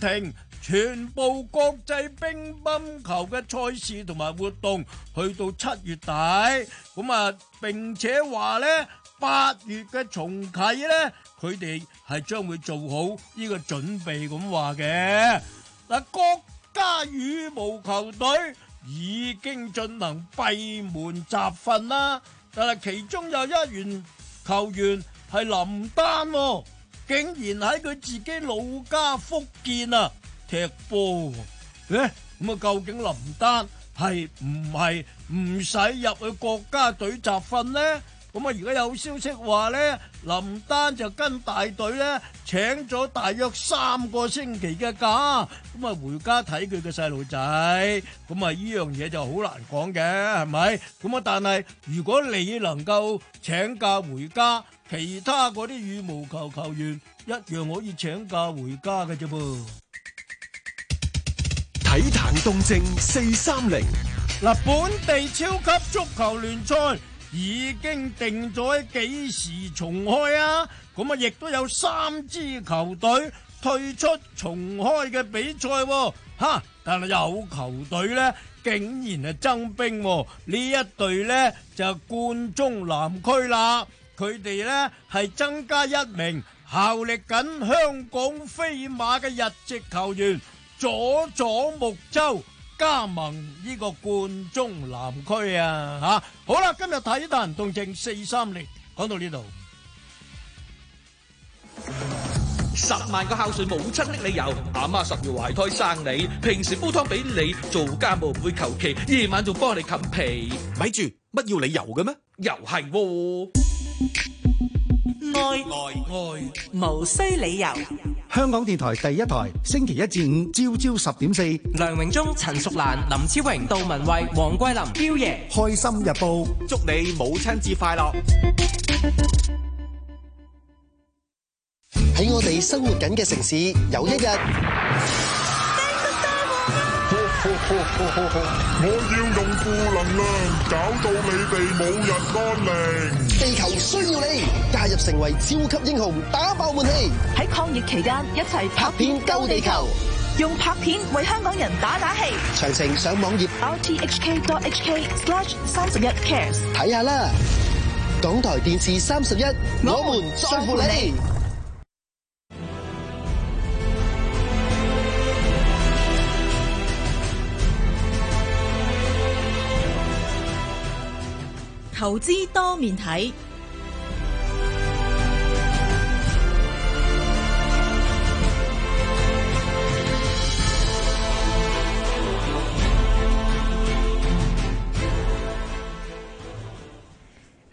停！全部國際乒乓球嘅賽事同埋活動去到七月底，咁啊，並且話咧八月嘅重啟咧，佢哋係將會做好呢個準備咁話嘅。嗱，國家羽毛球隊已經進行閉門集訓啦，但係其中有一員球員係林丹。竟然喺佢自己老家福建啊，踢波，咁啊，究竟林丹係唔係唔使入去國家隊集訓呢？咁啊！而家有消息話咧，林丹就跟大隊咧請咗大約三個星期嘅假，咁啊回家睇佢嘅細路仔，咁啊呢樣嘢就好難講嘅，係咪？咁啊，但係如果你能夠請假回家，其他嗰啲羽毛球球員一樣可以請假回家嘅啫噃。體壇動靜四三零，嗱，本地超級足球聯賽。已經定咗幾時重開啊！咁啊，亦都有三支球隊退出重開嘅比賽，啊，吓！但係有球隊呢，竟然係增兵。啊，呢一隊呢，就冠、是、忠南區啦，佢哋呢，係增加一名效力緊香港飛馬嘅日籍球員佐佐木舟。左左加盟呢個冠忠南區啊吓，好啦，今日睇大行動靜四三零，講到呢度。十萬個孝順母親的理由，阿媽十月懷胎生你，平時煲湯俾你做家務會求其，夜晚仲幫你冚被。咪住，乜要理由嘅咩？又係愛愛愛，無需理由。香港電台第一台，星期一至五朝朝十點四。梁榮忠、陳淑蘭、林超榮、杜文蔚、黃桂林、標爺，開心日報，祝你母親節快樂！喺我哋生活緊嘅城市，有一日。我要用負能量搞到你哋冇人安寧。地球需要你，加入成為超級英雄，打爆悶氣。喺抗疫期間一齊拍片救地球，用拍片為香港人打打氣。詳情上網頁 rthk.hk/slash 三十一 cares 睇下啦。港台電視三十一，我們在乎你。投資多面體。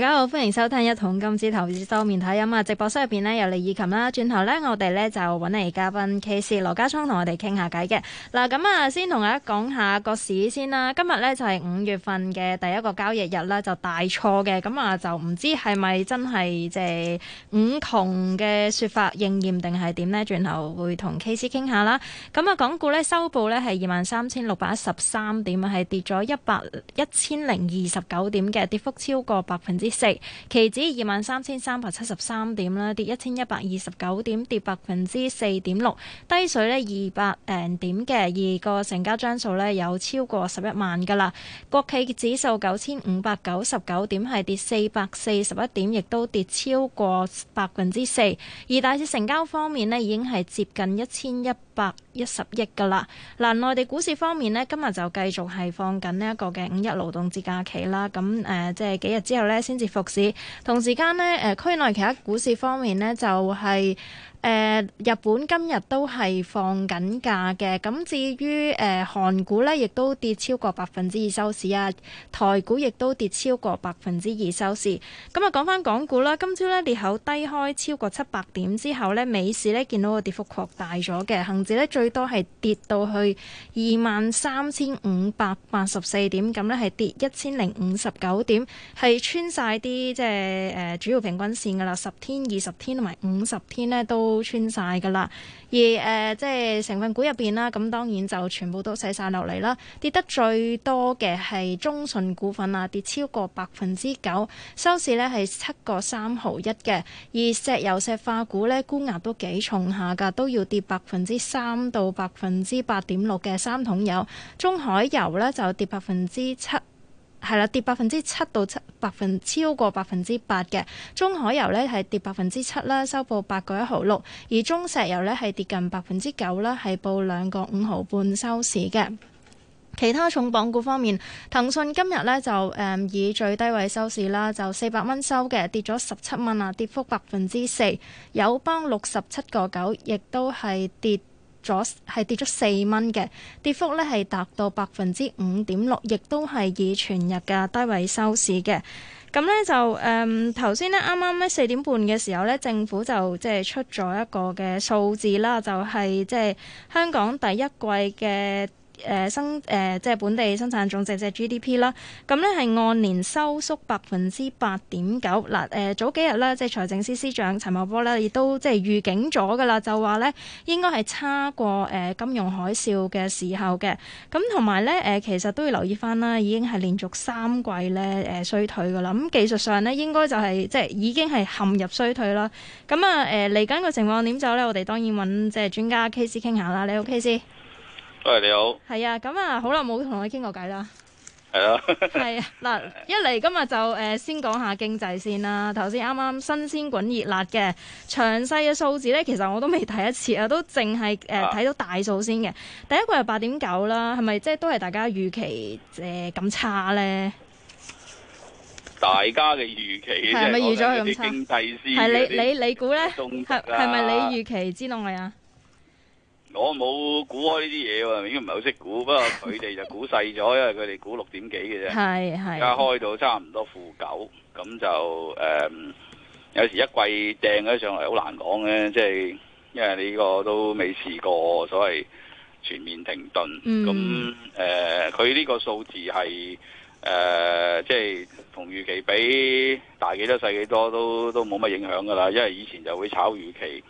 大家好，歡迎收聽《一桶金之投資收面睇》啊！直播室入邊呢，有李以琴啦，轉頭呢，我哋呢就揾嚟嘉賓 K C 羅家聰同我哋傾下偈嘅。嗱，咁啊先同大家講下個市先啦。今日呢，就係、是、五月份嘅第一個交易日啦，就大錯嘅。咁、嗯、啊就唔知係咪真係即係五窮嘅說法應驗定係點呢？轉頭會同 K C 傾下啦。咁啊，港股呢收報呢係二萬三千六百一十三點啊，係跌咗一百一千零二十九點嘅，跌幅超過百分之。期指二萬三千三百七十三點啦，跌一千一百二十九點，跌百分之四點六，低水呢，二百零點嘅，而個成交張數呢，有超過十一萬噶啦。國企指數九千五百九十九點係跌四百四十一點，亦都跌超過百分之四。而大市成交方面呢，已經係接近一千一百一十億噶啦。嗱、啊，內地股市方面呢，今日就繼續係放緊呢一個嘅五一勞動節假期啦。咁誒、呃，即係幾日之後呢先。跌市，同時間咧，誒，區內其他股市方面咧，就是，就係。誒、呃、日本今日都係放緊假嘅，咁至於誒、呃、韓股呢，亦都跌超過百分之二收市啊，台股亦都跌超過百分之二收市。咁啊，講翻港股啦，今朝呢，裂口低開超過七百點之後呢，美市呢見到個跌幅擴大咗嘅，恒指呢最多係跌到去二萬三千五百八十四點，咁呢係跌一千零五十九點，係穿晒啲即係誒主要平均線㗎啦，十天、二十天同埋五十天呢都，都穿晒噶啦，而誒、呃，即係成分股入邊啦，咁當然就全部都洗晒落嚟啦。跌得最多嘅係中信股份啊，跌超過百分之九，收市咧係七個三毫一嘅。而石油石化股咧，沽額都幾重下噶，都要跌百分之三到百分之八點六嘅。三桶油、中海油咧就跌百分之七。係啦、嗯，跌百分之七到七百分，超過百分之八嘅中海油呢係跌百分之七啦，收報八個一毫六；而中石油呢係跌近百分之九啦，係報兩個五毫半收市嘅。其他重磅股方面，騰訊今日呢就誒、嗯、以最低位收市啦，就四百蚊收嘅，跌咗十七蚊啊，跌幅百分之四。友邦六十七個九，亦都係跌。咗係跌咗四蚊嘅，跌幅呢，係達到百分之五點六，亦都係以全日嘅低位收市嘅。咁呢就誒頭先呢，啱啱呢四點半嘅時候呢，政府就即係、就是、出咗一個嘅數字啦，就係即係香港第一季嘅。誒生誒，即係本地生產總值即係 GDP 啦。咁呢係按年收縮百分之八點九嗱。誒早幾日咧，即係財政司司長陳茂波呢，亦都即係預警咗嘅啦，就話呢應該係差過誒金融海嘯嘅時候嘅。咁同埋呢，誒，其實都要留意翻啦，已經係連續三季呢誒衰退嘅啦。咁技術上呢，應該就係即係已經係陷入衰退啦。咁啊誒嚟緊個情況點走呢，我哋當然揾即係專家 KC 傾下啦。你好 KC。喂，你好。係啊，咁啊，好耐冇同你傾過偈啦。係啊。係啊，嗱，一嚟今日就誒，先講下經濟先啦。頭先啱啱新鮮滾熱辣嘅詳細嘅數字咧，其實我都未睇一次啊，都淨係誒睇到大數先嘅。第一個係八點九啦，係咪即係都係大家預期誒咁、呃、差咧？大家嘅預期係咪預咗咁差？經係 你你你估咧？係係咪你預期之內啊？ 我冇估開呢啲嘢喎，應該唔係好識估。不過佢哋就估細咗， 因為佢哋估六點幾嘅啫，而家 開到差唔多負九，咁就誒、嗯、有時一季掟咗上嚟好難講嘅，即、就、係、是、因為你呢個都未試過所謂全面停頓。咁誒、嗯，佢、呃、呢個數字係誒，即、呃、係、就是、同預期比大幾多細幾多都都冇乜影響㗎啦，因為以前就會炒預期。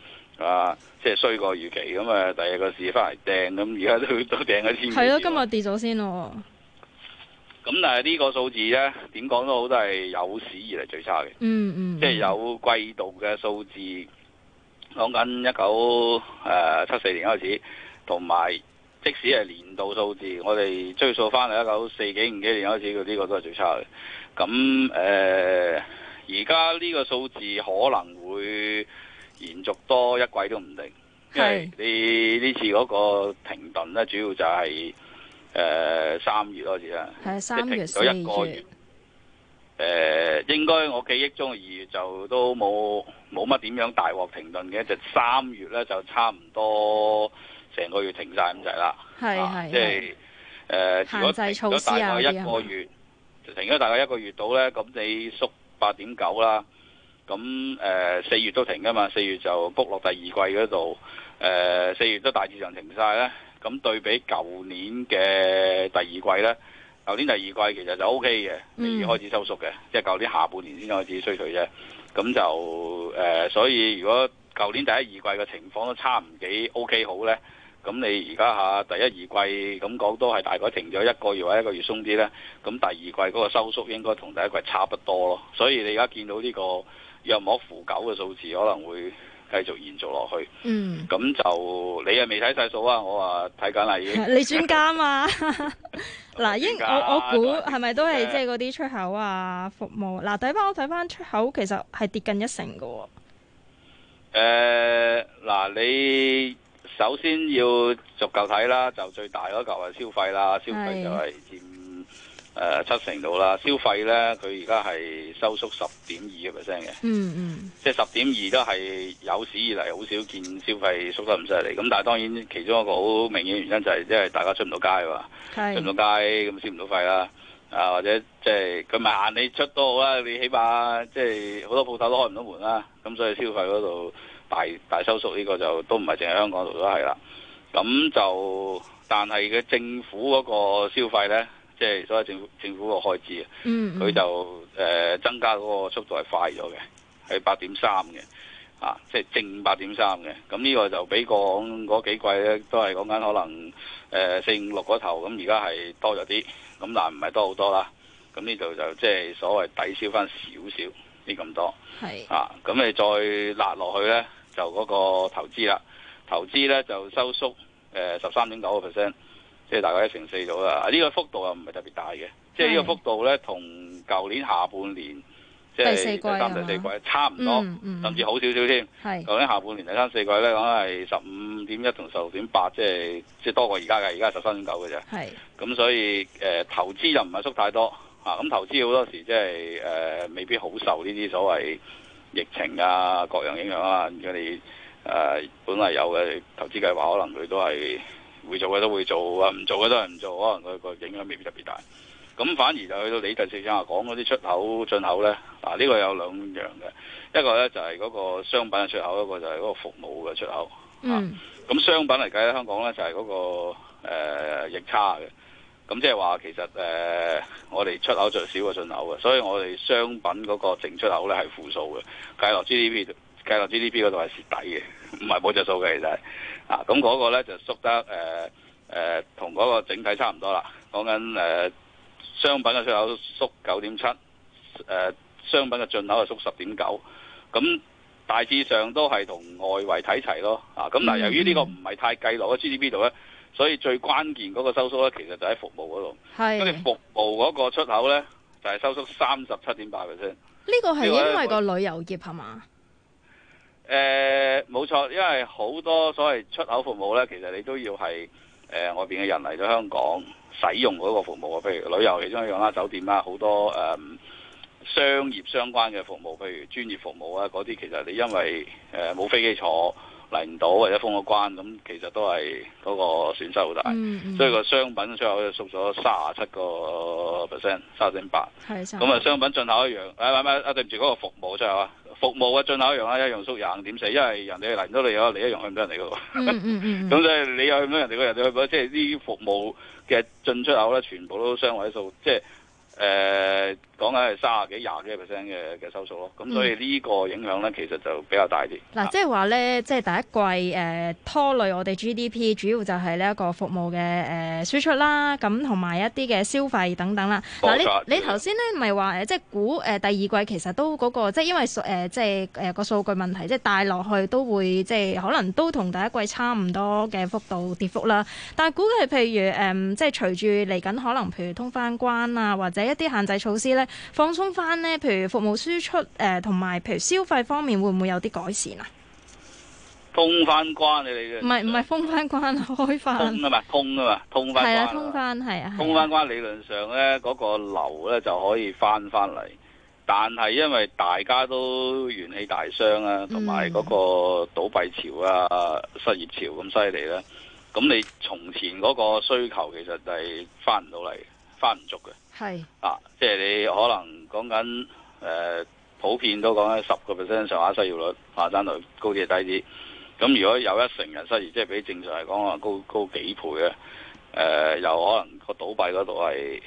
啊！即係衰過預期咁啊，第二、 嗯嗯嗯嗯，個市翻嚟掟咁，而家都都掟咗先。係咯，今日跌咗先咯。咁但係呢個數字咧，點講都好，都係有史以嚟最差嘅。嗯嗯。即係有季度嘅數字，講緊一九誒七四年開始，同埋即使係年度數字，我哋追溯翻嚟一九四幾五幾，幾年開始，佢、這、呢個都係最差嘅。咁、嗯、誒、嗯嗯，而家呢個數字可能會延續多一季都唔定，是因為你呢次嗰個停頓咧，主要就係誒三月開始啦，停咗一個月。誒月、呃，應該我記憶中二月就都冇冇乜點樣大鑊停頓嘅，就三、是、月咧就差唔多成個月停晒，咁就係、是、啦。係係係。限制措施。即係大概一個月，停咗大概一個月度咧，咁你縮八點九啦。咁誒四月都停㗎嘛，四月就 book 落第二季嗰度。誒、呃、四月都大致上停晒啦。咁對比舊年嘅第二季咧，舊年第二季其實就 O K 嘅，未開始收縮嘅，嗯、即係舊年下半年先開始衰退啫。咁就誒、呃，所以如果舊年第一二季嘅情況都差唔幾 O、OK、K 好咧，咁你而家吓第一二季咁講都係大概停咗一個月或者一個月鬆啲咧，咁第二季嗰個收縮應該同第一季差不多咯。所以你而家見到呢、呢個。又冇扶九嘅數字，可能會繼續延續落去。嗯，咁就你又未睇晒數啊？我話睇緊啊，英， 你專家嘛？嗱，英，我我估係咪都係即係嗰啲出口啊，服務，嗱，睇翻我睇翻出口， 出口其實係跌近一成嘅。誒、呃，嗱，你首先要逐嚿睇啦，就最大嗰嚿係消費啦，消費就係。 誒、呃、七成度啦，消費咧佢而家係收縮十點二嘅 percent 嘅，嗯嗯，mm hmm. 即係十點二都係有史以嚟好少見消費縮得咁犀利。咁但係當然其中一個好明顯嘅原因就係即係大家出唔到街啊，係，出唔到街咁消唔到費啦，啊或者即係佢咪限你出都好啦，你起碼即係好多鋪頭都開唔到門啦，咁所以消費嗰度大大，大收縮呢個就都唔係淨係香港度都係啦。咁就但係嘅政府嗰個消費咧。即係所謂政政府個開支啊，佢、mm hmm. 就誒增加嗰個速度係快咗嘅，係八點三嘅，啊，即係正八點三嘅。咁呢個就比過嗰幾季咧，都係講緊可能誒四五六嗰頭，咁而家係多咗啲，咁但係唔係多好多啦。咁呢度就即係所謂抵消返少少啲咁多，係是啊，咁你再拉落去咧，就嗰個投資啦，投資咧就收縮誒十三點九個 percent。即係大概一成四左右，呢、這個幅度又唔係特別大嘅。即係呢個幅度咧，同舊年下半年即係第三、第四、第四季差唔多，嗯嗯、甚至好少少添。舊是年下半年第三、四季咧講係十五點一同十六點八，即係即係多過而家嘅，而家十三點九嘅啫。係咁，所以誒、呃、投資又唔係縮太多嚇。咁、啊、投資好多時即係誒未必好受呢啲所謂疫情啊各樣影響啊。佢哋誒本嚟有嘅投資計劃，可能佢都係。會做嘅都會做啊，唔做嘅都係唔做，可能佢個影響未必特別大。咁反而就去到你第四章啊，講嗰啲出口進口咧，啊呢個有兩樣嘅，一個咧就係、是、嗰個商品嘅出口，一個就係嗰個服務嘅出口。嗯、啊。咁商品嚟計咧，香港咧就係、是、嗰、那個呃逆差嘅。咁即係話其實誒、呃，我哋出口仲少過進口嘅，所以我哋商品嗰個淨出口咧係負數嘅。計落 GDP 度，計落 GDP 嗰度係蝕底嘅，唔係冇隻數嘅其實。嗱，咁嗰個咧就縮得誒誒同嗰個整體差唔多啦，講緊誒商品嘅出口縮九點七，誒商品嘅進口係縮十點九，咁大致上都係同外圍睇齊咯。啊，咁嗱，由於呢個唔係太計落喺 GDP 度咧，所以最關鍵嗰個收縮咧，其實就喺服務嗰度。係是。咁你服務嗰個出口咧就係、是、收縮三十七點八嘅啫。呢個係因為個旅遊業係嘛？我誒，冇錯，呃，因為好多所謂出口服務咧，其實你都要係誒、呃、外邊嘅人嚟到香港使用嗰個服務啊，譬如旅遊，其中一樣啦，酒店啦，好多誒商業相關嘅服務，譬如專、嗯、業，業服務啊，嗰啲其實你因為誒冇、呃、飛機坐嚟唔到，或者封咗關，咁其實都係嗰個損失好大。嗯、所以個商品出口就縮咗卅七個 percent，卅點八。咁啊，的商品進口一樣，誒、哎、唔、哎、係、哎，對唔住，嗰、嗰個服務出口。啊。服務啊，進口一樣啊，一樣縮，又點死？因為人哋嚟唔到，你有，有你一樣去唔到人哋噶喎。咁所以你又去唔到人哋，嗰人哋去唔到，即係啲服務嘅進出口咧，全部都雙位數，即係誒。呃講緊係卅幾廿幾 percent 嘅嘅收數咯，咁所以呢個影響咧其實就比較大啲。嗱、嗯啊，即係話咧，即係第一季誒、呃、拖累我哋 GDP，主要就係呢一個服務嘅誒、呃、輸出啦，咁同埋一啲嘅消費等等啦。嗱、啊，你你頭先咧唔係話誒，即係估誒、呃、第二季其實都嗰、那個，即係因為數、呃、即係誒個數據問題，即係帶落去都會即係可能都同第一季差唔多嘅幅度跌幅啦。但係估計係譬如誒、呃，即係隨住嚟緊可能譬如通翻關啊，或者一啲限制措施咧。放鬆翻咧，譬如服務輸出誒，同、呃、埋譬如消費方面，會唔會有啲改善啊？通翻關你哋嘅？唔係唔係，封翻關開翻。通啊嘛，通啊嘛，通翻。係啊，通翻係啊。啊通翻關理論上咧，嗰、嗰個流咧就可以翻翻嚟，但係因為大家都元氣大傷啊，同埋嗰個倒閉潮啊、嗯、失業潮咁犀利咧，咁你從前嗰個需求其實就係翻唔到嚟。翻唔足嘅是，係啊，即係你可能講緊誒、呃，普遍都講緊十個 percent 上下失業率，下山率高啲低啲。咁如果有一成人失業，即係比正常嚟講話高高，高幾倍啊，誒、呃、又可能個倒閉嗰度係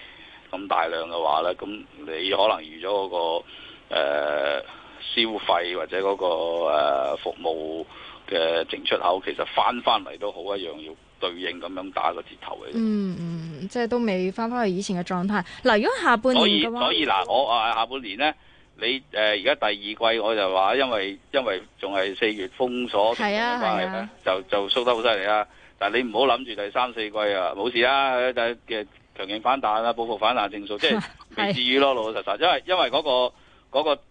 咁大量嘅話咧，咁你可能預咗嗰、那個、呃、消費或者嗰、那個、呃、服務嘅淨出口，其實翻翻嚟都好一樣要。對應咁樣打個折頭嘅，嗯嗯，即係都未翻翻去以前嘅狀態。嗱，如果下半年嘅話，所以所以嗱，我啊下半年咧，你誒而家第二季我就話，因為因為仲係四月封鎖咁嘅關係咧，就就縮得好犀利啊！啊但係你唔好諗住第三四季啊冇事啊，就嘅強勁反彈啊，報復反彈正數，即係未至於咯，老 是老實實，因為因為嗰個嗰個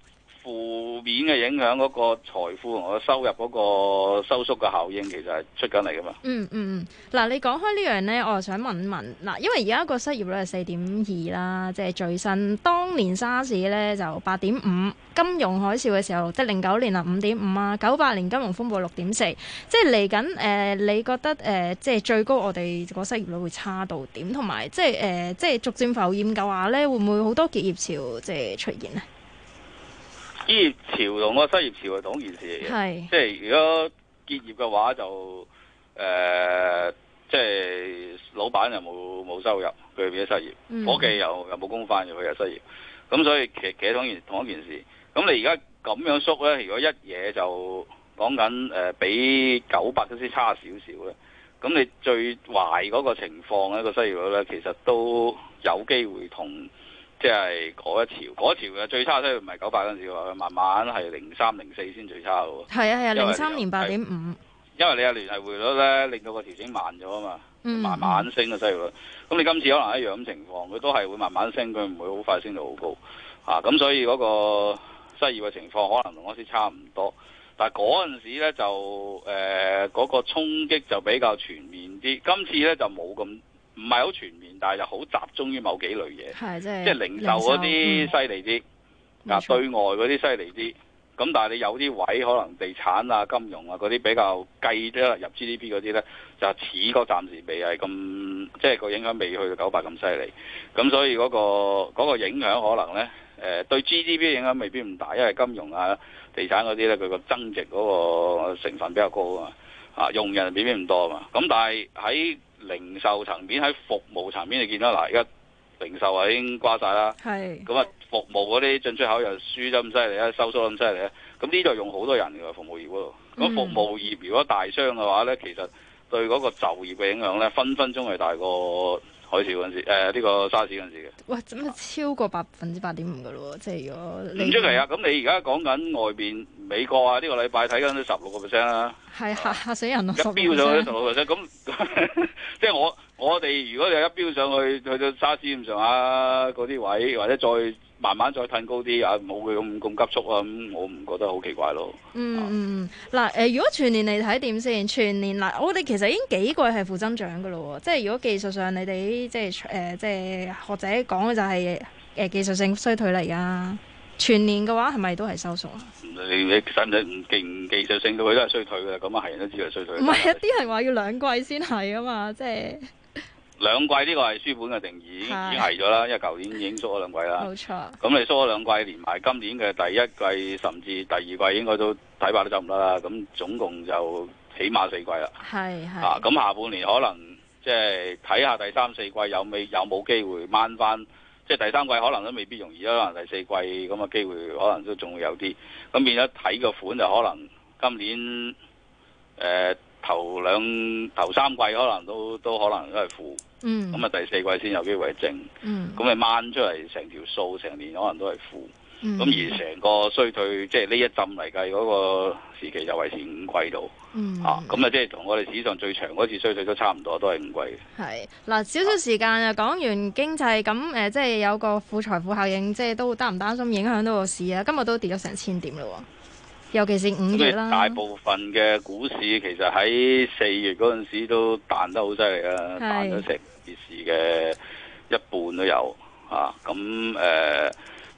負面嘅影響嗰個財富同收入嗰個收縮嘅效應，其實係出緊嚟噶嘛？嗯嗯嗯，嗱，你講開呢樣呢，我就想問一問嗱，因為而家個失業率係四點二啦，即係最新。當年沙士呢，就八點五，金融海嘯嘅時候即係零九年啊，五點五啊，九八年金融風暴六點四，即係嚟緊誒，你覺得誒、呃、即係最高我哋個失業率會差到點？同埋即係誒，即係、呃、逐漸浮現嘅話呢，會唔會好多結業潮即係出現呢？業潮同個失業潮係同一件事嚟嘅，是即係如果結業嘅話就誒，即、呃、係、就是、老闆又冇冇收入，佢變咗失業；伙計又又冇工返，佢又失業。咁所以其其實同一同一件事。咁你而家咁樣縮咧，如果一嘢就講緊誒，比九百都先差少少咧。咁你最壞嗰個情況咧，個失業率咧，其實都有機會同。即係嗰一潮，嗰一潮嘅最差衰唔係九八嗰陣時喎，慢慢係零三、零四先最差喎。係啊係啊，零三年八點五。因為你聯繫匯率咧，令到個調整慢咗啊嘛，慢慢升嘅失業率咯。咁、嗯嗯、你今次可能一樣咁情況，佢都係會慢慢升，佢唔會好快升到好高嚇。咁、啊、所以嗰個失業嘅情況可能同嗰時差唔多，但係嗰陣時咧就誒嗰、呃那個衝擊就比較全面啲，今次咧就冇咁。唔係好全面，但係就好集中於某幾類嘢，的即係零售嗰啲犀利啲，嗱錯對外嗰啲犀利啲。咁但係你有啲位可能地產啊、金融啊嗰啲比較計咧入 GDP 嗰啲呢，就似個暫時未係咁，即係個影響未去到九八咁犀利。咁所以嗰、嗰個嗰個影響可能呢，誒、呃、對 GDP 影響未必唔大，因為金融啊、地產嗰啲呢，佢個增值嗰個成分比較高嘛啊，啊用人未必唔多啊嘛。咁但係喺零售層面，喺服務層面你見到啦，而家零售已經瓜晒啦，咁啊是服務嗰啲進出口又輸得咁犀利啦，收縮咁犀利咧，咁呢度用好多人㗎，服務業嗰度，咁服務業如果大傷嘅話咧，其實對嗰個就業嘅影響咧，分分鐘係大過。海嘯嗰陣時，呢、呃呢個沙士嗰陣時嘅，哇！咁啊超過百分之八點五嘅咯喎，即係如果你，唔出奇啊！咁你而家講緊外邊美國啊，呢、呢個禮拜睇緊都十六個 percent 啦，係嚇、啊、吧嚇死人咯，飆咗十六 percent，咁即係我。我哋如果有一飚上去去到沙士咁上下嗰啲位，或者再慢慢再褪高啲啊，冇佢咁咁急速啊，咁、嗯、我唔覺得好奇怪咯。嗯嗯嗱誒，如果全年嚟睇點先？全年嗱，我哋其實已經幾季係負增長噶咯，即係如果技術上你哋即係誒、呃、即係學者講嘅就係誒技術性衰退嚟噶。全年嘅話係咪都係收縮啊、嗯？你你，你使唔使勁技術性都係都係衰退嘅？咁啊，係人都知道衰退。唔係一啲人話要兩季先係啊嘛，即係。 兩季呢個係書本嘅定義，是已經係咗啦。因為舊年已經縮咗兩季啦。冇錯錯。咁你縮咗兩季連埋，今年嘅第一季甚至第二季應該都睇怕都走唔得啦。咁總共就起碼四季啦。係係是。咁、啊、下半年可能即係睇下第三四季有未有冇機會掹翻？即、就、係、是、第三季可能都未必容易，啦。可能第四季咁嘅機會可能都仲會有啲。咁變咗睇個款就可能今年誒、呃、頭兩頭三季可能都都可能都係負。嗯，咁啊、嗯、第四季先有機會正，咁啊掹出嚟成條數成年可能都係負，咁而成個衰退、嗯、即係呢一浸嚟計嗰個時期就為時五季度，嗯、啊，咁啊即係同我哋史上最長嗰次衰退都差唔多，都係五季嘅。係嗱，少少時間啊，講完經濟咁誒、呃，即係有個負財富效應，即係都擔唔擔心影響到個市啊？今日都跌咗成千點嘞，尤其是五月啦。大部分嘅股市其實喺四月嗰陣時都彈得好犀利啊，彈咗成件嘅一半都有啊，咁誒、呃，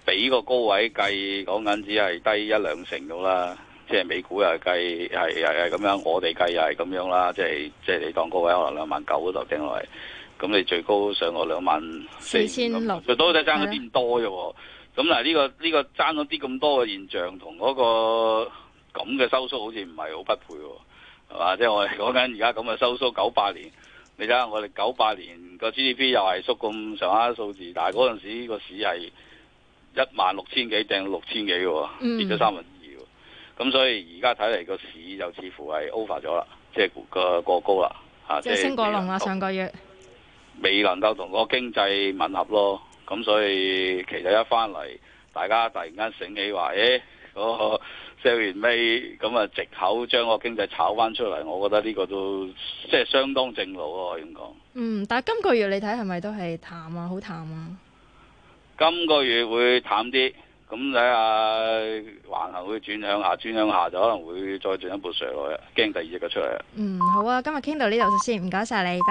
比個高位計，講緊只係低一兩成到啦。即係美股又係計，係係係咁樣，我哋計又係咁樣啦。即係即係你當高位可能兩萬九嗰度定落嚟，咁你最高上過兩萬四千，最多都係爭咗啲咁多嘅。咁嗱，呢個呢個爭咗啲咁多嘅現象，同嗰、嗰個咁嘅收縮好似唔係好匹配，係嘛？即係我哋講緊而家咁嘅收縮九八年。你睇下我哋九八年個 GDP 又係縮咁上下數字，但係嗰陣時個市係一萬六千幾，掟六千幾嘅，跌咗三分之二。咁、嗯、所以而家睇嚟個市就似乎係 over 咗啦，即係個過高啦，吓即係升過龍啦，上個月。未能夠同個經濟吻合咯，咁所以其實一翻嚟，大家突然間醒起話，誒、欸、嗰、個。sell 完尾咁啊，藉口將個經濟炒翻出嚟，我覺得呢個都即係相當正路咯。點講？嗯，但係今個月你睇係咪都係淡啊？好淡啊！今個月會淡啲，咁睇下還係會轉向下，轉向下就可能會再進一步上落，驚第二隻嘅出嚟啊！嗯，好啊，今日傾到呢度先，唔該晒你。拜拜。